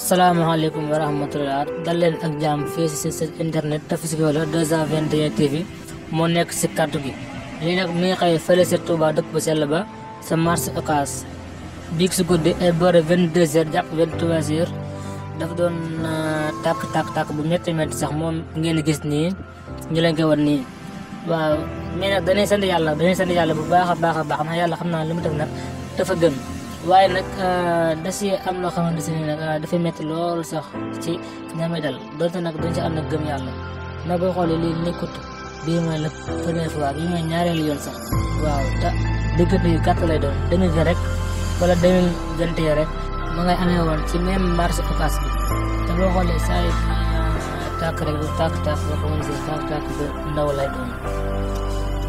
salaamaaleykum wa rahmatulah dal leen ak jàmm fii si seen internet Tafissi Wala 221 TV moo nekk si kàddu gi lii nag mi ngi xëy fële si Touba dëkk bu sell ba sa marché Ocass biig si guddi ay boore 22h jàpp 23h dafa doon euh, tàkk tàkk tàkk bu métti métti sax moom ngeen gis nii ñu leen koy wan nii waaw mais nag dañuy sant yàlla dañuy sant yàlla bu baax a baax a baax ndax yàlla xam naa li mu def nag dafa gën. waye nak da ci am lo xamanteni nak da dafay metti lol sax ci ñame dal donte nak dañ ci ànd ak gëm yalla na boo xol li nekut bi ma la première fois bi ma ñaarel yoon sax waaw ta te diggante yu kat lay doon dañu jé rek wala dañu jënté rek ma ngay amé won ci même marché occas bi ta boo xol li say tak rek du tak tak ba ko mën tak tak tàkk ndaw lay doon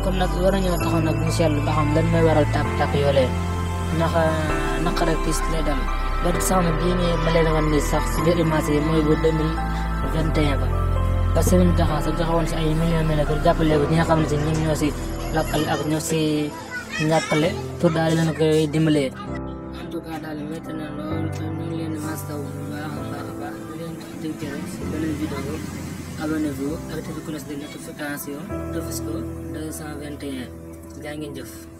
kon nak war ñu taxaw nak ñu sel ba xam lan mooy waral tak tak yoolee naka naka ak le dal ba sama bi ni ma leen wan ni sax ci biir ma ci moy bu 2021 ba ba semaine taxa sa taxawon ci ay million mel ko jappale ko ñi nga xam ci ñi ñoo ci lakal ak ñoo ci ñàkkale tu dal leen ko dimbalee en tout cas dal métti na lool ñu leen ma saw bu baax a baax a baax di leen dig jëre si beneen vidéo abonnez-vous activez cloche de notification de fisco 221 jaa ngeen jëf